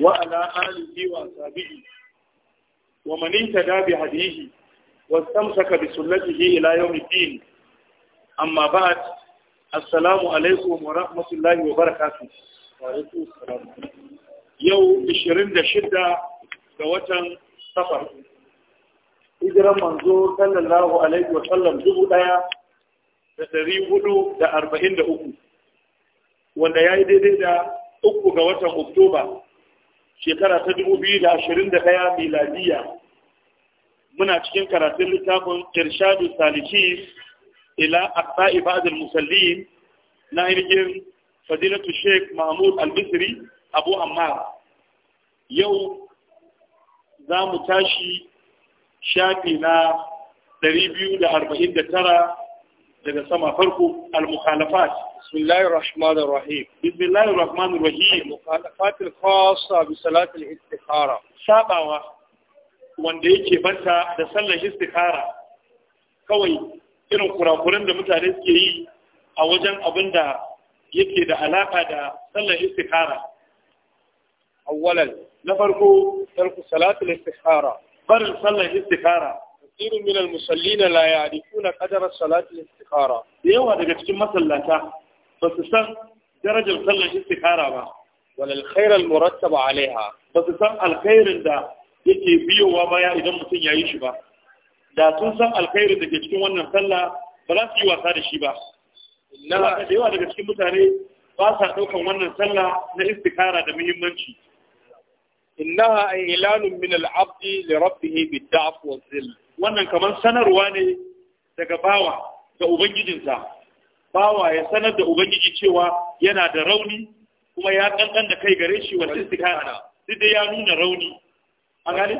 وعلى آله وأصحابه ومن اهتدى بهديه واستمسك بسنته إلى يوم الدين أما بعد السلام عليكم ورحمة الله وبركاته يوم 26 ga watan safar hijiran manzo sallallahu alaihi wa sallam dubu daya da dari hudu da arba'in da uku wanda ya yi daidai da uku ga watan oktoba shekara ta dubu biyu da da 2021 miladiya muna cikin karatun littafin irshadu saliki ila aqsa'i ba'd musallin na ainihin fadilatu sheikh mahmud al-misri abu ammar yau za mu tashi shafi na 249 daga sama farko al-mukhalafat bismillahir rahmanir rahim bismillahir rahmanir rahim mukhalafat al-khassa bi salat al-istikhara sabawa wanda yake banta da sallar istikhara kawai irin kurakuran da mutane suke yi a wajen abin da yake da alaka da sallar istikhara awwalan na farko tarku salat al-istikhara barin sallar istikhara kathirun min al-musallina na ya'rifuna qadar as-salati al-istikhara da yawa daga cikin masallata ba su san darajar sallar istikhara ba wal al-khair al-murattab ba su san alkhairin da yake biyowa baya idan mutum yayi shi ba da sun san alkhairin da ke cikin wannan sallah ba za su yi wasa da shi ba da yawa daga cikin mutane ba sa ɗaukan wannan sallah na istikara da muhimmanci innaha ilanun min al-abdi li rabbih bid-da'f wa wannan kamar sanarwa ne daga bawa ga ubangijinsa bawa ya sanar da ubangiji cewa yana da rauni kuma ya ɗanɗan da kai gare shi wata istikara duk dai ya nuna rauni a gane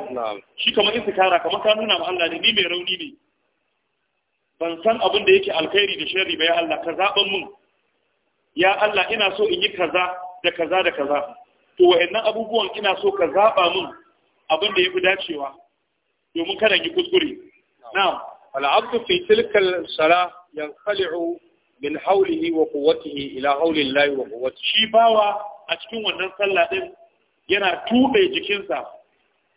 shi kamar istikara kamar ka nuna ma Allah ne ni mai rauni ne ban san abin da yake alkhairi da sharri ba ya Allah ka zaɓan mun ya Allah ina so in yi kaza da kaza da kaza to wa'annan abubuwan ina so ka zaɓa mun abin da ya fi dacewa domin kada ki kuskure na'am al'abdu fi tilkal sala yanqali'u min hawlihi wa quwwatihi ila hawli Allah wa quwwatihi shi bawa a cikin wannan sallah din yana tube jikinsa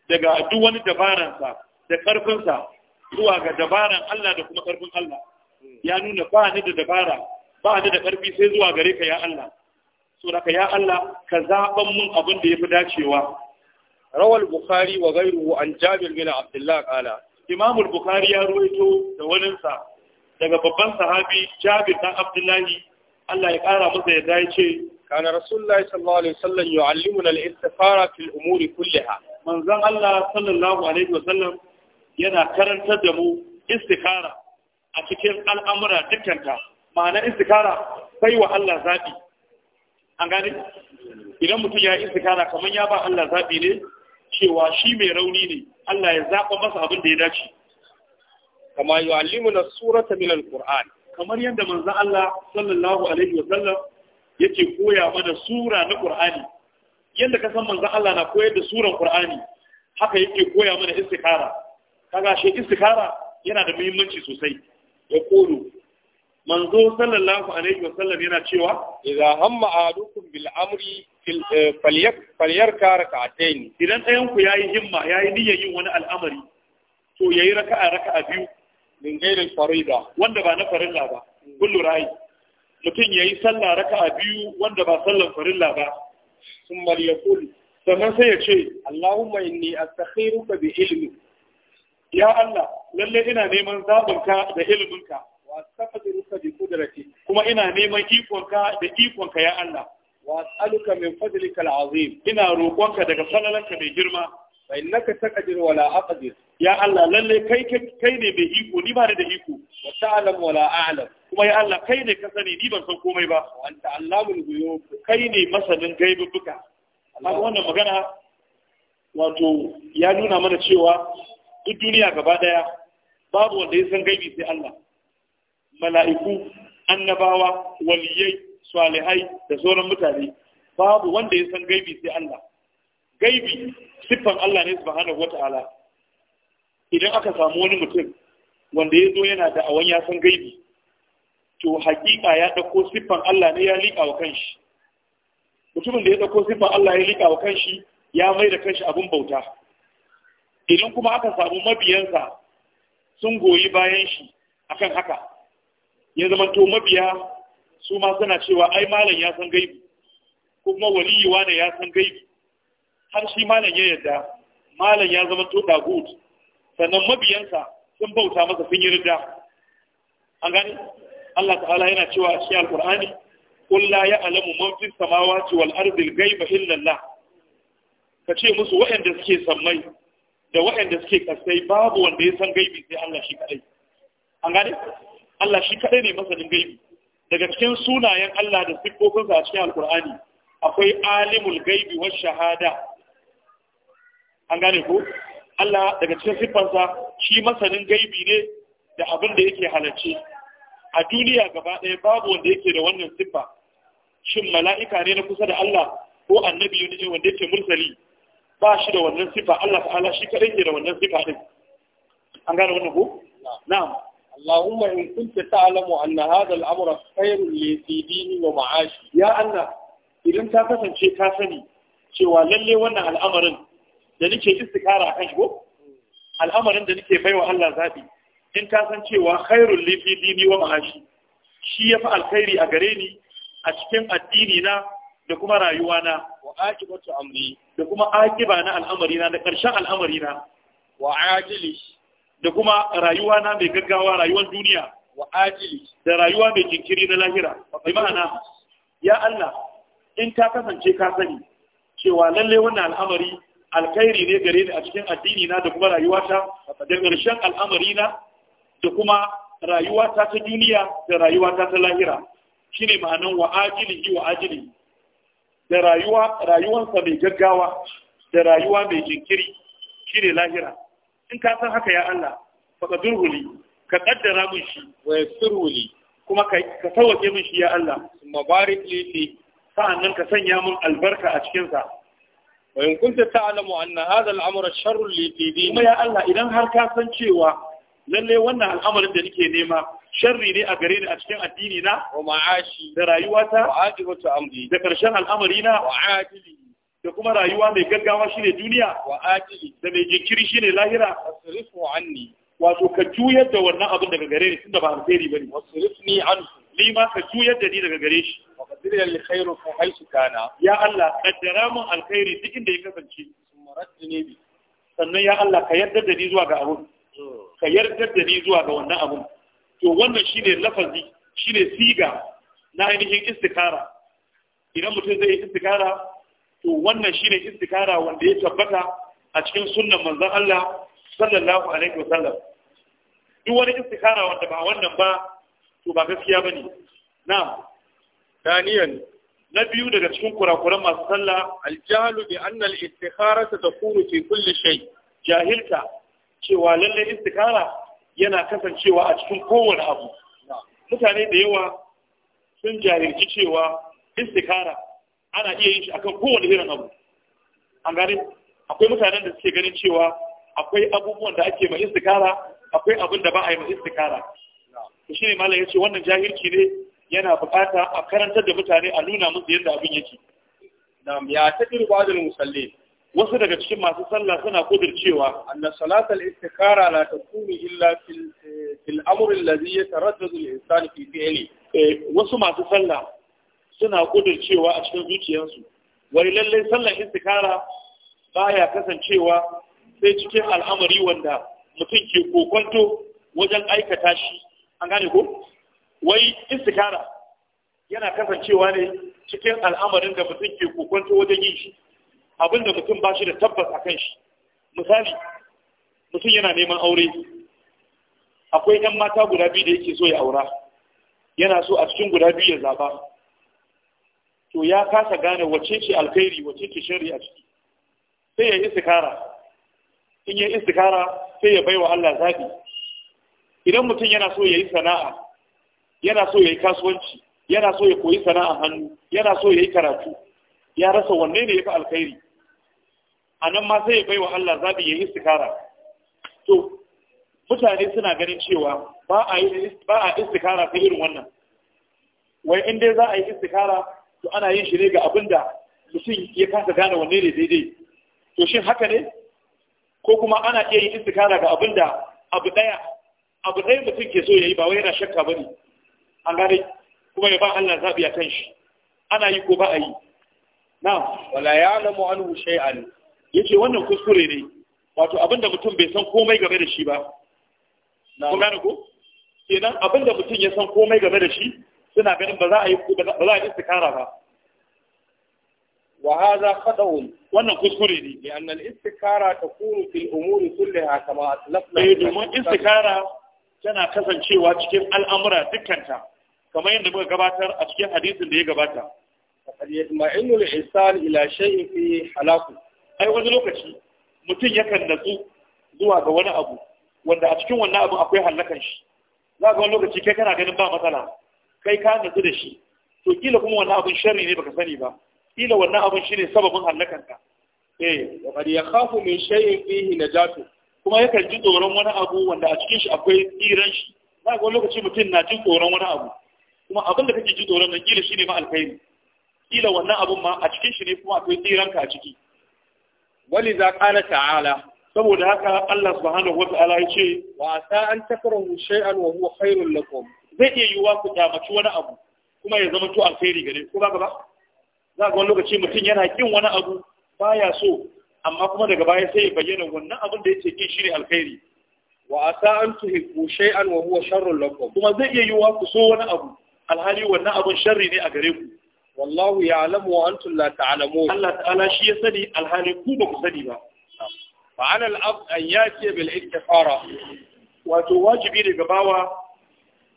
daga duk wani dabaransa da ƙarfinsa zuwa ga dabaran Allah da kuma karfin Allah ya nuna ba ni da dabara ba ni da karfi sai zuwa gare ka ya Allah so da ya Allah ka zaban mun abin da yafi dacewa rawal bukhari wa ghayruhu an jabir bin abdullah qala imam al-bukhari ya ruwaito da waninsa daga babban sahabi jabir dan abdullahi Allah ya kara masa yadda ya ce kana rasulullahi sallallahu alaihi wasallam yu'allimuna al-istikhara fil umuri kulliha manzon Allah sallallahu alaihi wasallam yana karantar da mu istikhara a cikin al'amura dukkanta ma'ana istikara sai wa Allah zaɓi an gane idan mutum ya istikara kamar ya ba Allah zaɓi ne cewa shi mai rauni ne Allah ya zaɓa masa abin da ya dace kama na surata min alquran kamar yadda manzon Allah sallallahu alaihi wa sallam yake koya mana sura na qur'ani yadda ka san manza Allah na koyar da suran qur'ani haka yake koya mana istikhara kaga shi istikhara yana da muhimmanci sosai ya manzo sallallahu alaihi wasallam yana cewa Idan hamma ahadukum bil amri eh, falyak falyarka rak'atayn idan ɗayan ku yayi himma yayi niyyar yin wani al'amari to yayi raka'a raka'a biyu min ghairil farida wanda ba na farilla ba kullu rai mutum yayi sallah raka'a biyu wanda ba sallan farilla ba summa yaqul sannan sai ya ce Allahumma inni astakhiruka bi ilmi ya Allah lalle ina neman zabinka da ilminka wa safati kuma ina neman ikonka da ikonka ya Allah wa asaluka ina rokonka daga fadalanka mai girma fa innaka taqdir wa la ya Allah kai ne iko ni da iko a'lam kuma ya Allah kai ne ka sani ni ban san komai ba kai ne masanin magana wato ya nuna mana cewa duk duniya gaba ɗaya, babu wanda ya san gaibi sai Allah mala'iku annabawa waliyai salihai da sauran mutane babu wanda ya san gaibi sai Allah gaibi siffan Allah ne subhanahu wata'ala idan aka samu wani mutum wanda ya zo yana da awon ya san gaibi to hakika ya dauko siffan Allah ne ya liƙa wa kanshi mutumin da ya dauko siffan Allah ya liƙa wa kanshi ya mai da kanshi abin bauta idan kuma aka samu mabiyansa sun goyi bayan shi akan haka ya zama to mabiya su ma suna cewa ai malam ya san gaibi kuma waliyi wane ya san gaibi har shi malam ya yarda malam ya zama to dagut sannan mabiyansa sun bauta masa sun yi rida an gani Allah ta'ala yana cewa a cikin alkur'ani qul la ya'lamu man fis samawati wal ardi al ghaiba illa Allah kace musu wa'anda suke sammai da wa'anda suke kasai babu wanda ya san gaibi sai Allah shi kadai an gani Allah shi kaɗai ne masanin gaibi daga cikin sunayen Allah da siffofinsa a cikin alkur'ani akwai alimul gaibi wa shahada an gane ko Allah daga cikin siffansa shi masanin gaibi ne da abin da yake halarci a duniya gaba ɗaya babu wanda yake da wannan siffa shin mala'ika ne na kusa da Allah ko annabi ne wanda yake mursali ba shi da wannan siffa Allah ta'ala shi kaɗai ke da wannan siffa din an gane wannan ko na'am اللهم إن كنت تعلم أن هذا الأمر خير لي في ديني ومعاشي يا الله إذا أنت شيء كاسني شوى للي وانا الأمر da nake istikara kan shigo al'amarin da nake baiwa Allah zabi in ka san cewa khairul li dini wa ma'ashi shi yafi alkhairi a gare ni a cikin addinina na da kuma rayuwa wa amri da kuma aqiba na al'amari na da karshen wa da kuma rayuwa na mai gaggawa rayuwar duniya wa da rayuwa mai jinkiri na lahira mai ma'ana ya Allah in ta kasance ka sani cewa lalle wannan al'amari alkhairi ne gare ni a cikin addini na da kuma rayuwata da ƙarshen al'amari na da kuma rayuwa ta duniya da rayuwata ta lahira shine ma'anan wa ajili wa ajili da rayuwa sa mai gaggawa da rayuwa mai jinkiri shine lahira in ka san haka ya Allah faqadir wuli. ka kaddara mun shi wa yassir wuli. kuma ka ka tawake mun shi ya Allah mabarik li fi sa'annan ka sanya min albarka a cikin sa wa in kunta ta'lamu anna hadha al li fi dini kuma ya Allah idan har ka san cewa lalle wannan al'amarin da nake nema sharri ne a gare ni a cikin addini na wa ma'ashi da rayuwata wa aqibatu amri da karshen al'amari na wa ajili da kuma rayuwa mai gaggawa shine duniya wa da mai jinkiri shine lahira asrifu anni wato ka juyar da wannan abin daga gare ni tunda ba alheri bane ne. anhu ni ma ka juyar da ni daga gare shi wa qadir li khairu fa haythu kana ya Allah qaddara mun alkhairi duk inda ya kasance sumaraddini bi sannan ya Allah ka yarda da ni zuwa ga abun ka yarda da ni zuwa ga wannan abun to wannan shine lafazi shine siga na ainihin istikara idan mutum zai yi istikara to wannan shine istikara wanda ya tabbata a cikin sunnan manzon Allah sallallahu alaihi wasallam duk wani istikara wanda ba wannan ba to ba gaskiya bane na'am daniyan na biyu daga cikin kurakuran masu sallah aljalu bi anna al-istikhara takunu fi kulli shay jahilta cewa lalle istikara yana kasancewa a cikin kowane abu mutane da yawa sun jahilci cewa istikara ana iya yin shi akan kowane irin abu an gani, akwai mutanen da suke ganin cewa akwai abubuwan da ake ma istikara akwai abin da ba a yi ma istikara to shine malam yace wannan jahilci ne yana bukata a karantar da mutane a nuna musu yadda abin yake na'am ya ba da musalli wasu daga cikin masu sallah suna kudircewa anna salatal istikara la takunu illa fil eh, fil amr alladhi yataraddadu al-insan fi eh, wasu masu sallah suna cewa a cikin zuciyarsu Wani lallai sallan istikara baya kasancewa sai cikin al'amari wanda mutum ke kokonto wajen aikata shi an gane ko wai istikara yana kasancewa ne cikin al'amarin da mutum ke kokonto wajen yin shi abinda mutum ba shi da tabbas a kan shi misali mutum yana neman aure akwai 'yan mata guda biyu da yake so ya aura yana so a cikin guda biyu ya zaba to ya kasa gane wace ce alkhairi wace ce shari a ciki sai ya yi istikara in ya yi istikara sai ya baiwa Allah zaɓi idan mutum yana so ya yi sana'a yana so ya yi kasuwanci yana so ya koyi sana'a hannu yana so ya yi karatu ya rasa wanne ne ya fi alkhairi a nan ma sai ya baiwa Allah zaɓi ya yi istikara to mutane suna ganin cewa ba a istikara ta irin wannan wai in dai za a yi istikara to ana yin shi ne ga abin da mutum ya kasa gane wanne ne daidai to shin haka ne ko kuma ana iya yin istikara ga abin da abu ɗaya abu ɗaya mutum ke so ya yi ba wai yana shakka ba ne an gane kuma ya ba Allah zaɓi a kan shi ana yi ko ba a yi na wala ya lamu anhu Ya yace wannan kuskure ne wato da mutum bai san komai game da shi ba kun gane ko kenan da mutum ya san komai game da shi suna ganin ba za a yi ba za a yi istikara ba wa hadha qada'un wannan kuskure ne lian al istikara takunu fil umuri kullaha kama aslafna eh domin istikara tana kasancewa cikin al'amura dukkanta kamar yadda muka gabatar a cikin hadisin da ya gabata faqad yatma'innu al insan ila shay'in fi halaku ai wani lokaci mutum yakan natsu zuwa ga wani abu wanda a cikin wannan abu akwai hallakan shi za ga wani lokaci kai kana ganin ba matsala kai ka nutsu da shi to kila kuma wannan abin sharri ne baka sani ba kila wannan abin shine sababin hallakanka eh wa qad yakhafu min shay'in fihi najatu kuma yakan ji tsoron wani abu wanda a cikin shi akwai tsiran shi za ga lokaci mutum na jin tsoron wani abu kuma abin da kake ji tsoron nan kila shine ma alkhairi kila wannan abun ma a cikin shi ne kuma akwai tsiranka a ciki waliza qala ta'ala saboda haka Allah subhanahu wa ta'ala ya ce wa sa an takrahu shay'an wa huwa khairul lakum zai iya yiwuwa ku kyamaci wani abu kuma ya zama to alheri gare ku ba ba za ga wani lokaci mutum yana kin wani abu baya so amma kuma daga baya sai ya bayyana wannan abin da yake kin shi ne alheri wa asa an tuhibbu shay'an wa huwa sharrun lakum kuma zai iya yiwuwa ku so wani abu alhali wannan abun sharri ne a gare ku wallahu ya'lamu wa antum la ta'lamun Allah ta'ala shi ya sani alhali ku ba ku sani ba fa al-ab an yati bil wato wajibi ne gabawa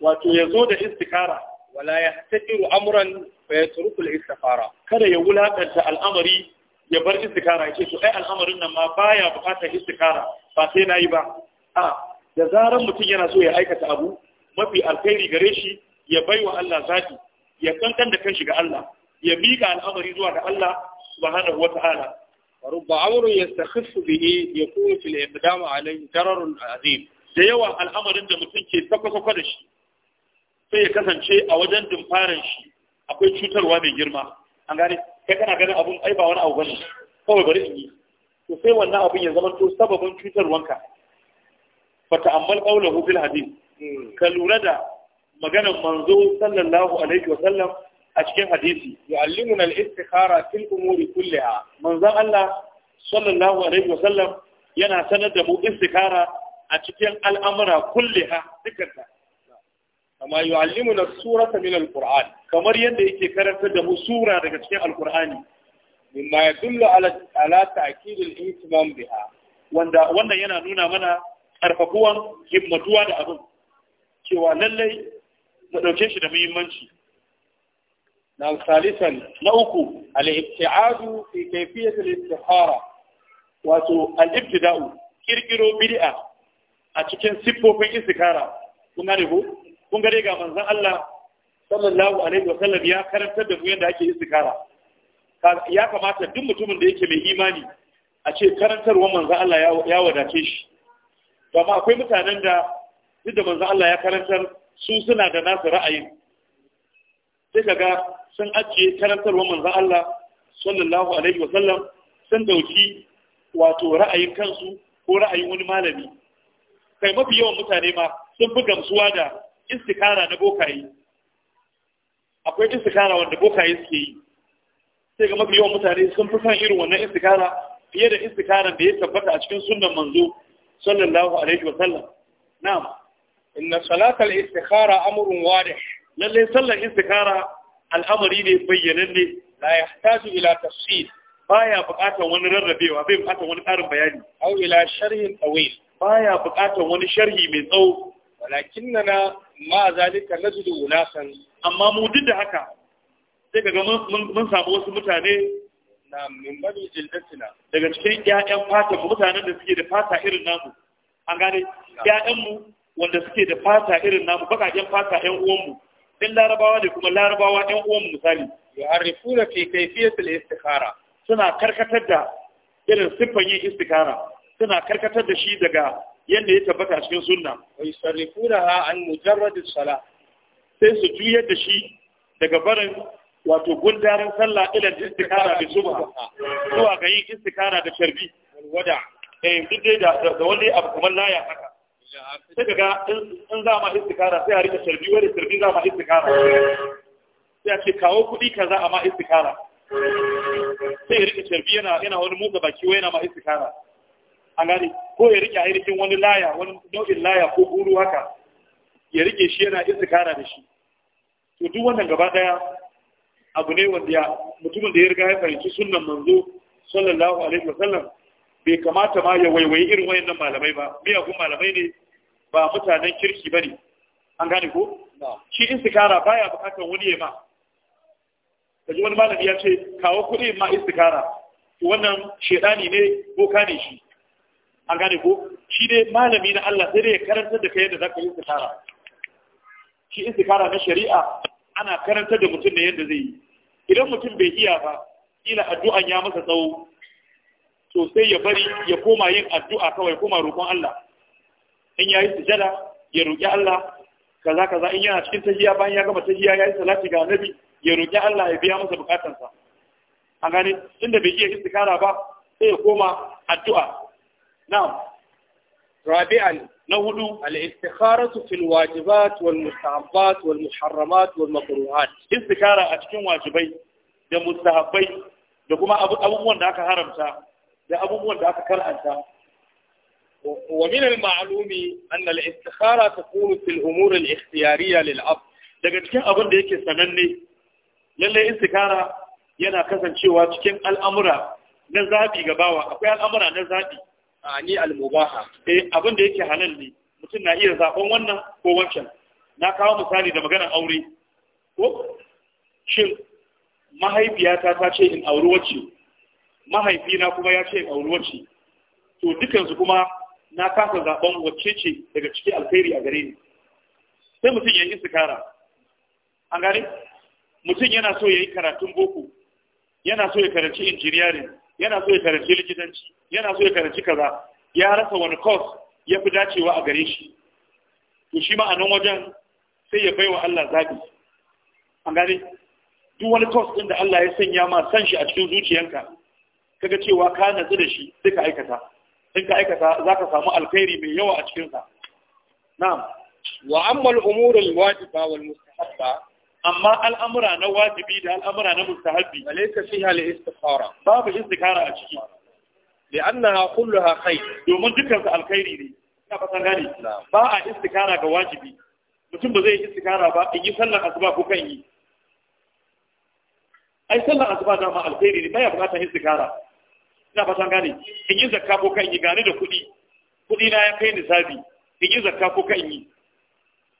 wato ya zo da istikara wala ya taqiru amran fa yatruku al-istikara kada ya wulakanta al'amari ya bar istikara ce to ai al'amarin nan ma baya bukatar istikara ba sai na yi ba a da zarar mutum yana so ya aikata abu mafi alkhairi gare shi ya baiwa Allah zaki ya kankan da kanshi ga Allah ya miƙa al'amari zuwa ga Allah subhanahu wata'ala rubba amrun yastakhiffu bihi yakunu fil iqdam alayhi dararun azim da yawa al'amarin da mutum ke sako da shi sai ya kasance a wajen dumfarin shi akwai cutarwa mai girma an gane kai kana ganin abun ai ba wani abu bane kawai bari in yi to sai wannan abun ya zama to sababin cutarwanka fa ta'ammal qawluhu fil hadith hmm. ka lura da maganar manzo sallallahu alaihi wa sallam a cikin hadisi yu'allimuna al-istikhara fil umuri kulliha manzo Allah sallallahu alaihi wa sallam yana sanar da mu istikhara a cikin al'amura kulliha dukkan yi kama na surata min alkur'ani kamar yadda yake karantar da mu sura daga cikin Alƙur'ani. min ma ya ala ala ta'kid ihtimam biha wanda wannan yana nuna mana karfafuwan himmatuwa da abin cewa lallai mu dauke shi da muhimmanci na salisan na uku al-ibtiadu fi kayfiyat al-istihara wato al-ibtida'u kirkiro bid'a a cikin siffofin istikhara kuma ne ko kun gare ga manzon Allah sallallahu alaihi wasallam ya karantar da mu yadda ake istikara ya kamata duk mutumin da yake mai imani a ce karantarwa manzon Allah ya wadace shi to amma akwai mutanen da duk da manzon Allah ya karantar su suna da nasu ra'ayin sai kaga sun ajiye karantarwa manzon Allah sallallahu alaihi wasallam sun dauki wato ra'ayin kansu ko ra'ayin wani malami kai mafi yawan mutane ma sun fi gamsuwa da istikara na bokaye akwai istikara wanda bokaye suke yi sai ga mafi yawan mutane sun fi son irin wannan istikara fiye da istikara da ya tabbata a cikin sunan manzo sallallahu alaihi wa sallam na'am inna salatal istikhara amrun wadih lalle sallar istikara al'amari ne bayyananne la yahtaju ila tafsir baya buƙatar wani rarrabewa bai buƙatar wani ƙarin bayani aw ila sharhin tawil baya buƙatar wani sharhi mai tsawo walakinnana ma zalika najidu unasan amma mu duk da haka sai kaga mun samu wasu mutane na min bani jildatina daga cikin ƴaƴan fata mu mutanen da suke da fata irin namu an gane ƴaƴan mu wanda suke da fata irin namu bakaken fata ƴan uwan mu din larabawa ne kuma larabawa ƴan uwan mu misali yu'arrifuna fi kayfiyati al-istikhara suna karkatar da irin siffan yin istikhara suna karkatar da shi daga yadda ya tabbata cikin sunna wa ha an mujarrad as sai su juyar da shi daga barin wato gundarin sallah ila istikara da subha zuwa ga yin istikara da sharbi wada eh duk dai da da wani abu kuma laya haka sai ga in za ma istikara sai a rika sharbi wani sharbi za ma istikara sai a ce kawo kuɗi za a ma istikara sai ya rika sharbi yana yana wani muka baki wai yana ma istikara an gane ko ya rike ainihin wani laya wani nau'in laya ko guru haka ya rike shi yana kara da shi to duk wannan gaba daya abu ne wanda mutumin da ya riga ya fahimci sunnan manzo sallallahu alaihi wasallam bai kamata ma ya waiwayi irin wayannan malamai ba miyagun malamai ne ba mutanen kirki bane an gane ko shi istikara baya bukatar wani ya ma kaji wani malami ya ce kawo kuɗi ma istikara to wannan shedani ne boka ne shi an gane ko shi dai malami na Allah sai ya karantar da kai yadda zaka yi istikara shi istikara na shari'a ana karantar da mutum ne yadda zai yi idan mutum bai iya ba kila addu'an ya masa tsawo to sai ya bari ya koma yin addu'a kawai koma roƙon Allah in yayi sujada ya roƙi Allah kaza kaza in yana cikin tahiya bayan ya gama tahiya yayi salati ga annabi ya roƙi Allah ya biya masa bukatansa an gane inda bai iya istikara ba sai ya koma addu'a na'am rabi'an na hudu al-istikharatu fil wajibat wal mustahabbat wal muharramat wal makruhat istikara a cikin wajibai da mustahabbai da kuma abubuwan da aka haramta da abubuwan da aka karanta wa min al-ma'lumi anna al-istikhara takunu fil umur al-ikhtiyariyya lil daga cikin abin da yake sananne lalle istikara yana kasancewa cikin al'amura na zabi ga akwai al'amura na zabi ani al-mubaha eh abin da yake halal ne mutum na iya zaben wannan ko wancan na kawo misali da maganar aure ko shin mahaifiyata ta ce in auri wacce mahaifina kuma ya ce in auri wacce to dukansu kuma na kasa zaben wacce ce daga cikin alkhairi a gare ni sai mutum ya yi istikara an gane mutum yana so ya yi karatun boko yana so ya karanci injiniyarin yana so ya karanci likitanci yana so ya karanci kaza ya rasa wani course ya fi dacewa a gare shi to shi ma a nan wajen sai ya baiwa Allah zabi an gane duk wani course din da Allah ya sanya ma san shi a cikin zuciyarka. kaga cewa ka nazu da shi sai ka aikata in ka aikata zaka samu alkhairi mai yawa a cikin sa na'am wa amma al-umur al-wajiba wal mustahabba amma al'amura na wajibi da al'amura na mustahabbi laifin shi al istikara babu istikara a ciki kullu ha kai domin dukkan su alkhairi ne ba a istikara ga wajibi mutum ba zai istikara ba in yi sallar asuba ko kan yi ai sallar asuba da ma alkhairi ne baya bukatar istikara ina fatan gane in yi zakka ko kan yi gane da kuɗi kuɗi na ya kai nisabi in yi zakka ko kan yi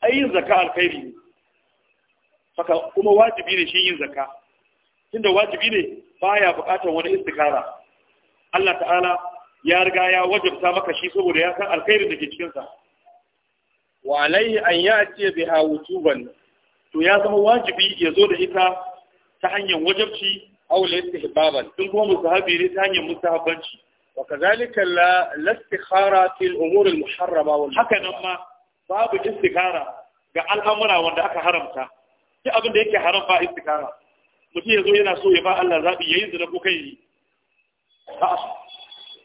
ai yin zakka alkhairi ne kuma wajibi ne shi yin zakka tunda wajibi ne baya bukatar wani istikara Allah ta'ala ya riga ya wajabta maka shi saboda ya san alkhairin da ke cikin sa wa alaihi an ya'ti biha wujuban to ya zama wajibi ya zo da ita ta hanyar wajabci aw la istihbaban tun kuma musahabi ne ta hanyar mustahabbanci wa kazalika la istikhara fil umur al muharrama wal haka nan ma babu istikara ga al'amura wanda aka haramta duk abin da yake haram fa istikara mutum ya zo yana so ya ba Allah zaɓi ya yi zina ko kai yi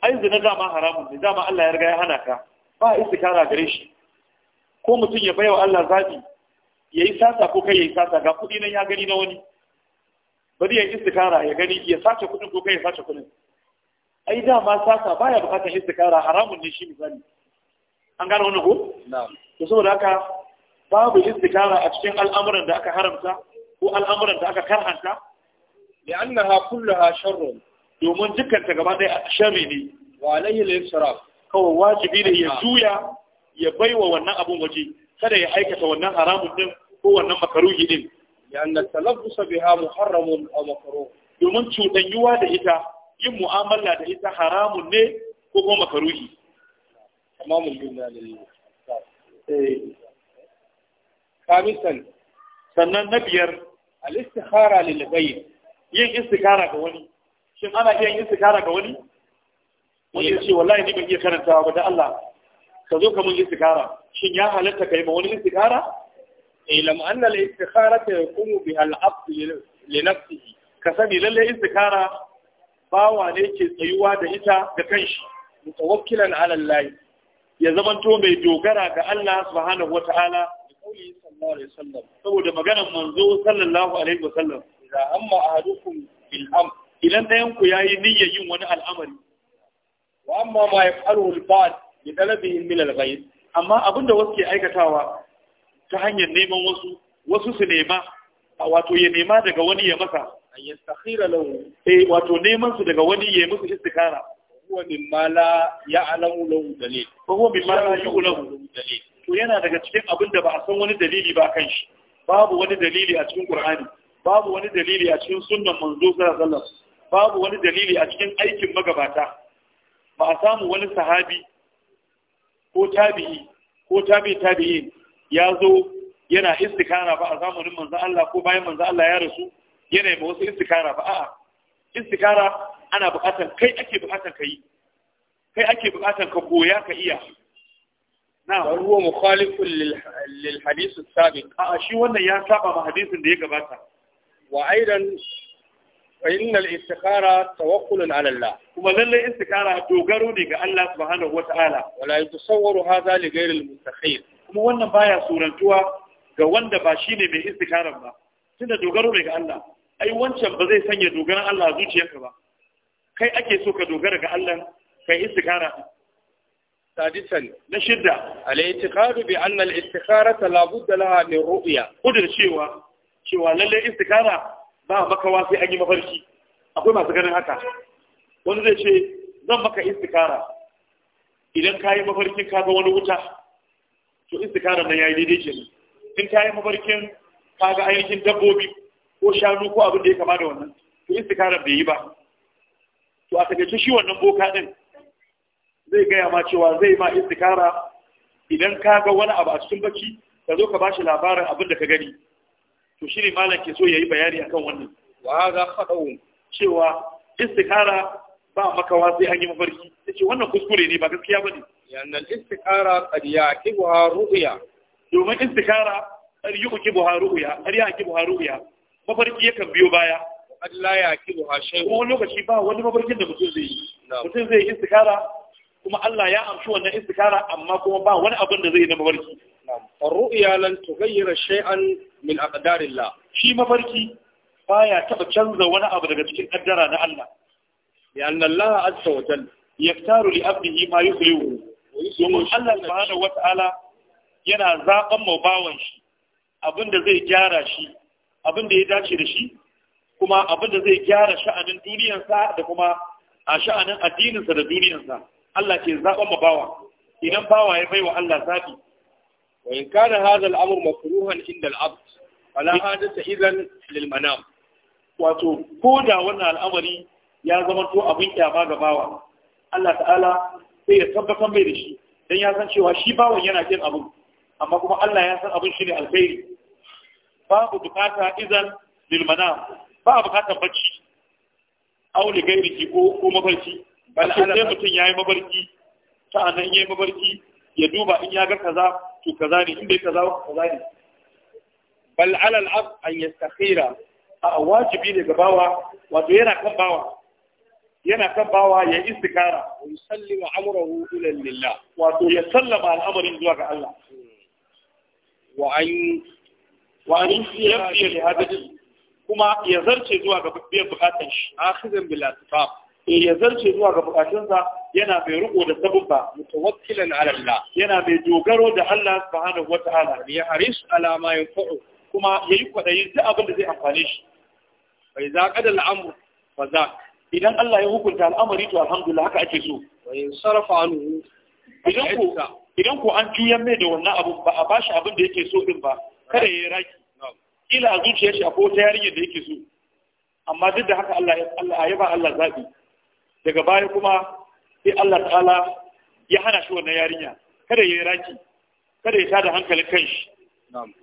ai zina dama haramun ne dama Allah ya riga ya hana ka ba istikara gare shi ko mutum ya baiwa Allah zaɓi ya yi sata ko kai ya yi sata ga kuɗi nan ya gani na wani bari ya yi istikara ya gani ya sace kuɗin ko kai ya sace kuɗin ai dama sata baya bukatar istikara haramun ne shi misali an gane wannan ko? na'am to saboda haka babu istikara a cikin al'amuran da aka haramta ko al'amuran da aka karhanta li'annaha kulluha sharrun domin dukkan ta gaba ɗaya sharri ne wa alayhi al-israf kawai wajibi ne ya juya ya baiwa wannan abun waje kada ya aikata wannan haramun din ko wannan makaruhi din li'anna talaffuz biha muharramun aw makruh domin cutanyuwa da ita yin mu'amala da ita haramun ne ko kuma makaruhi tamamul eh khamisan sannan na biyar al-istikhara lil ghayr yin istikhara ga wani shin ana iya yin istikhara ga wani wani ya ce wallahi ni ban iya karantawa ba da Allah ka zo ka mun istikhara shin ya halatta kai ma wani istikhara eh lam anna al istikhara ta yakumu bi al abd li nafsihi ka sani lalle istikhara bawa ne ke tsayuwa da ita ga kanshi mutawakkilan ala Allah ya zamanto mai dogara ga Allah subhanahu wata'ala da kauli sallallahu wasallam saboda maganar manzo sallallahu alaihi wasallam idan amma ahadukum bil am idan dayan ku yayi niyyar yin wani al'amari wa amma ma yaf'aluhu al-ba'd bi talabihi min al-ghayb amma abinda wasu ke aikatawa ta hanyar neman wasu wasu su nema wato ya nema daga wani ya masa an yastakhira lahu eh wato neman su daga wani ya musu istikara huwa mimma la ya'lamu lahu dalil huwa mimma la ya'lamu lahu dalil to yana daga cikin abin da ba a san wani dalili ba kan shi babu wani dalili a cikin Qur'ani babu wani dalili a cikin sunnan manzo sallallahu alaihi wasallam babu wani dalili a cikin aikin magabata ba a samu wani sahabi ko tabi'i ko tabi'i tabi'i ya zo yana istikara ba a zamanin manzo Allah ko bayan manzo Allah ya rasu yana ba wasu istikara ba a'a istikara ana buƙatar kai ake buƙatar kai kai ake buƙatar ka koya ka iya na'am huwa mukhalifun lil hadith as-sabiq a shi wannan ya saba ma hadisin da ya gabata wa aidan fa innal istikhara tawakkulun ala Allah kuma lalle istikhara dogaro ne ga Allah subhanahu wata'ala wala yatasawwaru hadha li ghayri al-mustakhir kuma wannan baya surantuwa ga wanda ba shine mai istikharan ba tunda dogaro ne ga Allah ai wancan ba zai sanya dogaran Allah a zuciyarka ba kai ake so ka dogara ga Allah kai istikara سادسا نشدة الاعتقاد بأن الاستخارة لا بد لها من رؤية قدر شيوا شيوا للي استخارة ba makawa sai an yi mafarki akwai masu ganin haka wani zai ce zan maka istikara idan ka yi mafarkin ka ga wani wuta to istikara nan ya yi daidai ke in ka yi mafarkin ka ga ainihin dabbobi ko shanu ko abin da ya kama da wannan to istikara bai yi ba to a takaice shi wannan boka din zai gaya ma cewa zai ma istikara idan ka ga wani abu a cikin bacci ka zo ka ba shi labarin abin da ka gani to shi ne malam ke so ya yi bayani akan wannan wa za faɗau cewa istikara ba makawa sai an yi mafarki ta ce wannan kuskure ne ba gaskiya ba ne yannan istikara ƙarya ki buha ru'uya domin istikara ƙarya ki buha ru'uya ƙarya ki buha ru'uya mafarki yakan biyo baya Allah ya ki buha shay'un wani lokaci ba wani mafarkin da mutum zai yi mutum zai yi istikara kuma Allah ya amshi wannan istikara amma kuma ba wani abin da zai na mafarki ar-ru'ya lan tughayyira shay'an min aqdarillah shi mafarki baya taba canza wani abu daga cikin kaddara na Allah لأن الله عز وجل يختار لأبنه ما يخلوه domin Allah subhanahu wata'ala yana zaɓan mabawan shi abin da zai gyara shi abin da ya dace da shi kuma abin da zai gyara sha'anin duniyarsa da kuma a sha'anin addininsa da duniyarsa Allah ke zaɓan ma bawa idan bawa ya bai wa Allah zaɓi wa in kana hadha al-amr makruhan inda al-abd fala hadatha idan lil manam wato ko da wannan al'amari ya zama to abin kyama ga bawa Allah ta'ala sai ya tabbatar mai da shi dan ya san cewa shi bawan yana kin abin amma kuma Allah ya san abin shine alkhairi babu bukata idan lil manam ba bukatar bacci aw li ko ko mafarki bal sai mutum yayi mabarki sa'annan yayi mabarki ya duba in ya ga kaza to kaza ne in bai kaza ba kaza ne bal alal ab an yastakhira a wajibi ne ga bawa wato yana kan bawa yana kan bawa ya istikara wa yusallima amrahu ila lillah wato ya sallama al'amarin zuwa ga Allah wa an wa an yafi hadaji kuma ya zarce zuwa ga biyan bukatan shi akhizan bil asfaf Eh, ya zarce zuwa ga bukatunsa yana mai riko da ba mutawakkilan ala Allah yana mai dogaro da Allah subhanahu wataala ya haris ala ma yafu kuma yayi kwadayi duk abin da zai amfane shi bai za qadal amr fa za idan Allah ya hukunta al'amari to alhamdulillah haka ake so bai sarfa anhu idan ku idan ku an juyan mai da wannan abu ba a bashi abin da yake so din ba kada ya raki kila a zuciyar shi akwai wata yarinya da yake so amma duk da haka Allah ya ba Allah zabi daga baya kuma sai Allah ta'ala ya hana shi wannan yarinya kada ya yi raki kada ya tada hankalin kanshi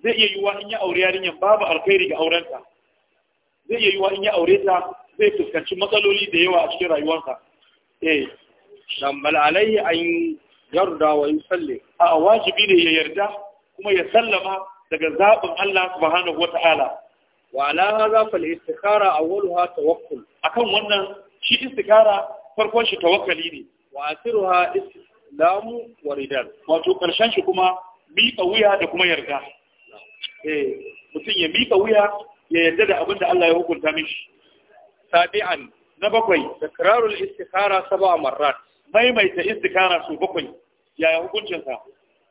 zai iya yiwuwa in ya aure yarinyar babu alkhairi ga aurenta zai iya yiwuwa in ya aure ta zai fuskanci matsaloli da yawa a cikin rayuwarsa eh bal alaihi an yarda wa yusalli a wajibi ne ya yarda kuma ya sallama daga zaɓin Allah subhanahu wata'ala wa ala hadha fal istikhara awwaluha tawakkul akan wannan shi istikara farkon shi tawakkali ne wa asiruha islamu wa ridal wato karshen shi kuma miƙa wuya da kuma yarda eh mutum ya miƙa wuya ya yarda da abin da Allah ya hukunta mishi sabi'an na bakwai takrarul istikara sab'a marrat maimaita istikara su bakwai yaya sa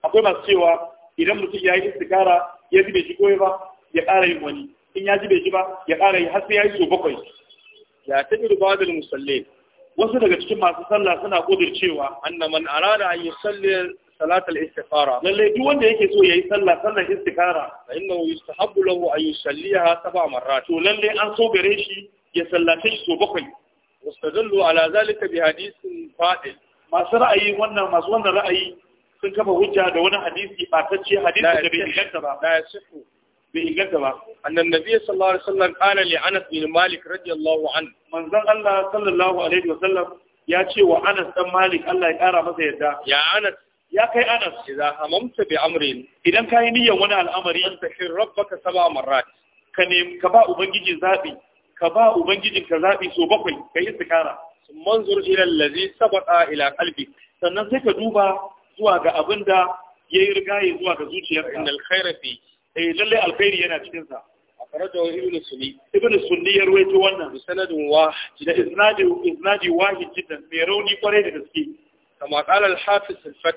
akwai masu cewa idan mutum ya yi istikara ya zube shi koyi ba ya ƙara yin wani in ya zube shi ba ya ƙara yi har sai ya yi su bakwai ya tabiru babul musallin wasu daga cikin masu sallah suna kudircewa anna man arada an yi salat al istikara. Lallai duk wanda yake so yayi sallah sallar istikhara fa innahu yustahabbu lahu an yusalliha sab'a marrat to lalle an so gare shi ya sallace shi so bakwai wastadallu ala zalika bi hadisin fadil masu ra'ayi wannan masu wannan ra'ayi sun kafa hujja da wani hadisi ba tacce hadisi da bai inganta ba bai inganta ba annan nabi sallallahu alaihi wasallam kana li Anas bin Malik radiyallahu anhu manzon Allah sallallahu alaihi wasallam ya ce wa Anas dan Malik Allah ya kara masa yadda ya Anas ya kai Anas idan hamamta bi amrin idan yi niyyar wani al'amari tashir rabbaka sab'a marrat ka ne ka ba ubangiji zabi ka ba ubangijin ka zabi so bakwai ka yi istikara manzur ila allazi sabata ila qalbi sannan sai ka duba zuwa ga abinda yayi rigaye zuwa ga zuciyar innal khaira fi eh lalle alkhairi yana cikin sa akhrajahu ibn sunni ibn sunni ya rawaito wannan bi sanadin wahid da isnadi isnadi wahid jiddan mai rauni kwarai da gaske kama qala al-hafiz al-fath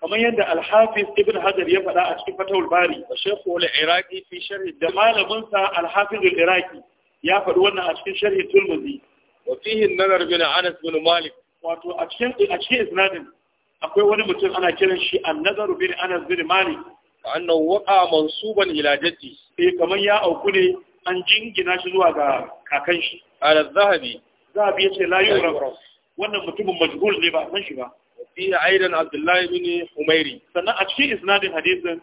kamar yadda al-hafiz ibn hajar ya faɗa a cikin fatawul bari wa shaykhu al-iraqi fi sharh da malamin sa al-hafiz al-iraqi ya faɗi wannan a cikin sharhi tulmuzi. wa fihi an-nazar bin anas bin malik wato a cikin a cikin isnadin akwai wani mutum ana kiran shi an-nazar bin anas bin malik annahu waqa mansuban ila jaddi eh kaman ya auku ne an jingina shi zuwa ga kakan shi ala zahabi zahabi yace la yura wannan mutumin majhul ne ba san shi ba fi aidan abdullahi ibn humairi sannan a cikin isnadin hadisin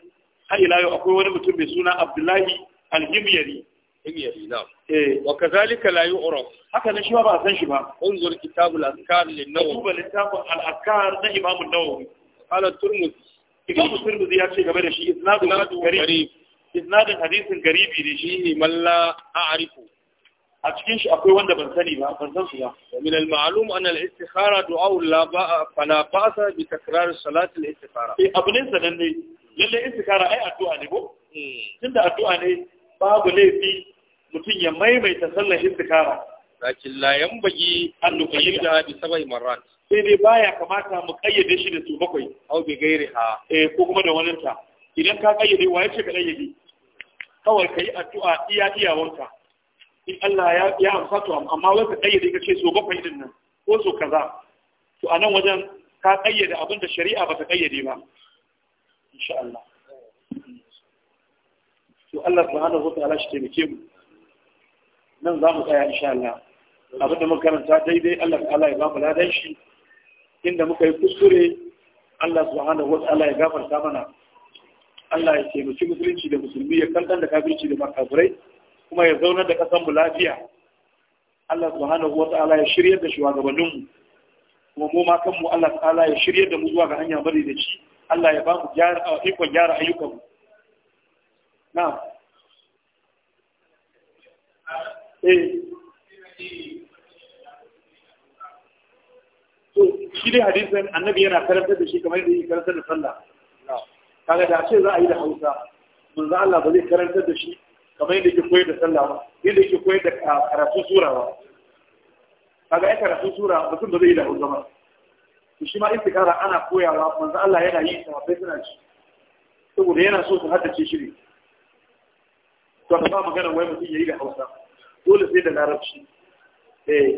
har ila yau akwai wani mutum mai suna abdullahi al-himyari himyari na'am eh wa kazalika la yu'raf haka ne shi ba a san shi ba unzur kitabul azkar lin-nawawi littafin al-azkar na imam an-nawawi qala turmuzi imam turmuzi ya ce game da shi isnadun garib isnadun hadisin garibi ne shi man la a'rifu a cikin shi akwai wanda ban sani ba ban san su ba min al ma'lum an al istikhara du'a la ba'a fala ba'sa bi takrar salat al istikhara eh abu ne sanan ne lalle istikhara ai addu'a ne ko hmm. tunda addu'a ne babu laifi mutum ya maimaita sallar istikhara lakin la yanbaghi an nuqayyida bi sab'i marrat sai dai baya kamata mu kayyade shi da su bakwai au bi gairi ha eh ko kuma da wani ta idan ka kayyade wa yace ka kayyade kawai kai addu'a iya wanka. in Allah ya ya amsa to amma wai ka kayyade ka so bakwai din nan ko so kaza to anan wajen ka kayyade abin da shari'a ba ta kayyade ba insha Allah to Allah subhanahu wa ta'ala shi taimake mu nan za mu tsaya insha Allah abin da mun karanta daidai Allah ta'ala ya ba mu ladan shi inda muka yi kuskure Allah subhanahu wa ta'ala ya gafarta mana Allah ya taimaki musulunci da musulmi ya kankan da kafirci da makafirai kuma ya zaunar da kasan mu lafiya Allah subhanahu wa ta'ala ya shiryar da shugabannin mu kuma mu ma kanmu Allah ta'ala ya shiryar da mu zuwa ga hanya bari da ci Allah ya ba mu gyara ikon gyara ayyukan mu na'am eh shi dai hadisin annabi yana karantar da shi kamar yadda yake karantar da sallah kaga da ce za a yi da Hausa manzo Allah ba zai karantar da shi kamar yadda yake koyar da sallah ba yadda yake koyar da karatun sura ba kaga ai karatun sura mutum ba zai yi da Hausa ba to shi ma istikara ana koyawa manzo Allah yana yi ta bai suna ci saboda yana so su haddace shi ne to ba magana wai mutum yi da Hausa dole sai da Larabci eh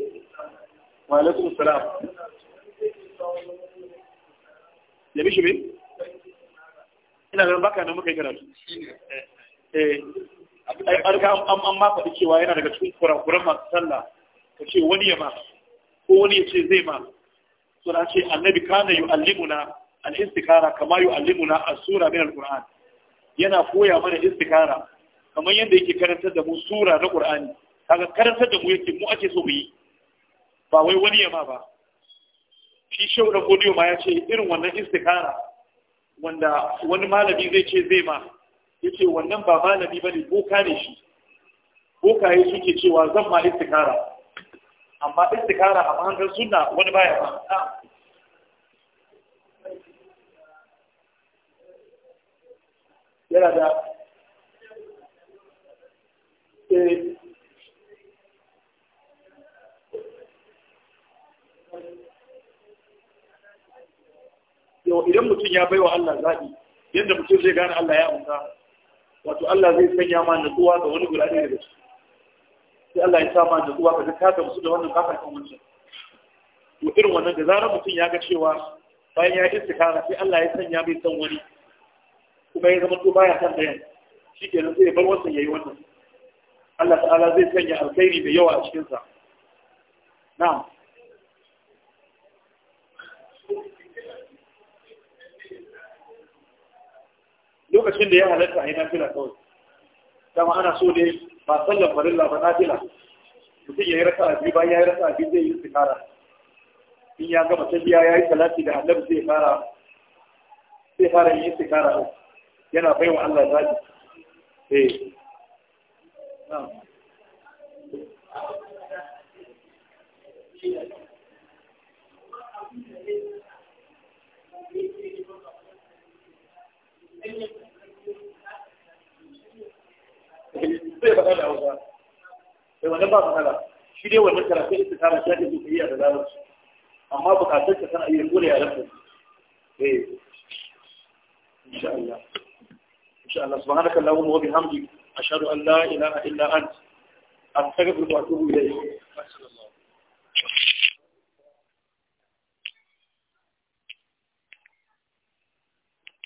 wa alaikum salam ya mishi me ina ganin baka na muka yi karatu eh an an ma faɗi cewa yana daga cikin kurakuran masu sallah ka ce wani ya ma ko wani ya ce zai ma so da ce annabi kana yu'allimuna al-istikara kama yu'allimuna as-sura min al-qur'an yana koya mana istikara kamar yadda yake karantar da mu sura na qur'ani kaga karantar da mu yake mu ake so mu yi ba wai wani ya ma ba shi shehu da godiyo ma ya ce irin wannan istikara wanda wani malami zai ce zai ma ya ce wannan ba malami ba ne boka ne shi ya suke cewa zan ma istikara amma istikara a mahangar suna wani baya ba. yana da eh, idan mutum ya baiwa Allah zaɓi yadda mutum zai gane Allah ya amsa wato Allah zai sanya ma natsuwa ga wani guda ne daga su sai Allah ya sa ma natsuwa ka ga musu da wannan baka kan wancan to irin wannan da zarar mutum ya ga cewa bayan ya yi istikara sai Allah ya sanya mai san wani kuma ya zama to baya san ɗayan shi kenan sai ya bar wannan ya yi wannan Allah ta'ala zai sanya alkhairi da yawa a cikinsa na'am lokacin da ya halatta a yi nafila kawai dama ana so ne ba sallan farilla ba nafila mutum ya yi rasa abi bayan ya yi rasa abi zai yi istikara in ya gama tafiya ya yi salati da annabi zai fara zai fara yin istikara yana bai wa Allah zaɓi eh Thank you. zai faɗa da hausa sai wannan ba matsala shi dai wannan karatu ita ta rashi ake da zalunci amma bukatar ka tana iya dole a rafa eh insha Allah insha Allah subhanaka allahumma wa bihamdika ashhadu an la ilaha illa anta astaghfiruka wa atubu ilayk